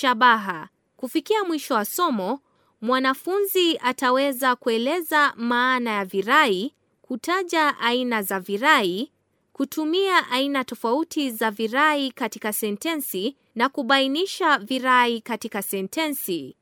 Shabaha: kufikia mwisho wa somo, mwanafunzi ataweza kueleza maana ya virai, kutaja aina za virai, kutumia aina tofauti za virai katika sentensi na kubainisha virai katika sentensi.